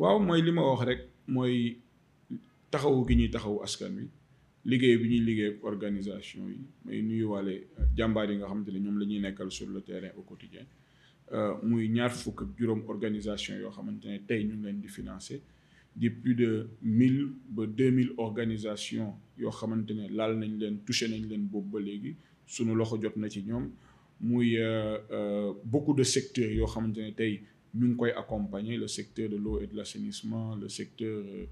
waaw mooy li ma wax rek mooy taxawu gi ñuy taxaw askan wi liggéey bi ñuy liggéey organisation yi may nuyuwaale euh, jàmbaar yi nga xamante ne ñoom la ñuy nekkal sur le terrain au quotidien euh, muy ñaar fukk ak juróom organisation yoo xamante ne tey ñu ngi leen di financer di plus de mille ba deux mille organisations yoo xamante ne laal nañ leen touché nañ leen boobu ba léegi sunu loxo jot na ci ñoom muy euh, beaucoup de secteurs yoo xamante ne tey nous avons accompagné le secteur de l'eau et de l'assainissement le secteur euh,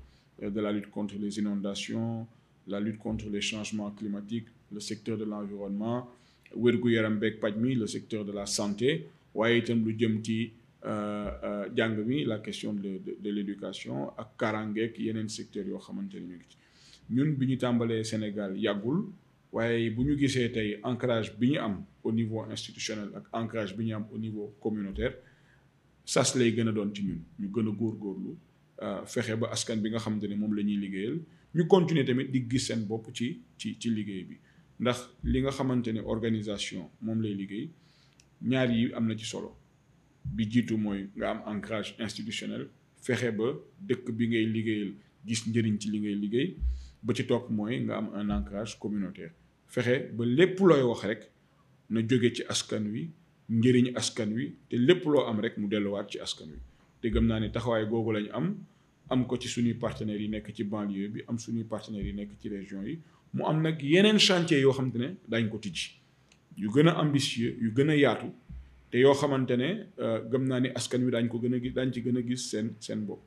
euh, de la lutte contre les inondations la lutte contre les changements climatiques le secteur de l'environnement le secteur de la santé euh, la question de l'éducation ak karangeek secteur de l'éducation. nous avons ngi le Sénégal Yagoul, waaye bu ñu ancrage au niveau institutionnel ak ancrage au niveau communautaire sas lay gën a doon ci ñun ñu gën a góorgóorlu euh, fexe ba askan bi nga xamante ne moom la ñuy liggéeyal ñu continuer tamit di gis seen bopp ci ci ci liggéey bi ndax li nga xamante ne organisation moom lay liggéey ñaar yi am na ci solo bi jiitu mooy nga am ancrage institutionnel fexe ba dëkk bi ngay liggéeyal gis njëriñ ci li ngay liggéey ba ci topp mooy nga am un ancrage communautaire fexe ba lépp looy wax rek na jóge ci askan wi njëriñ askan wi te lépp loo am rek mu delluwaat ci askan wi te gëm naa ni taxawaay googu lañu am am ko ci suñuy partenaires yi nekk ci banlieue bi am suñuy partenaires yi nekk ci région yi mu am nag yeneen chantier yoo xamante ne daañ ko tijji yu gën a ambitieux yu gën a yaatu te yoo xamante ne euh, gëm naa ni askan wi daañ ko gën a gis daañ ci gën a gis seen seen bopp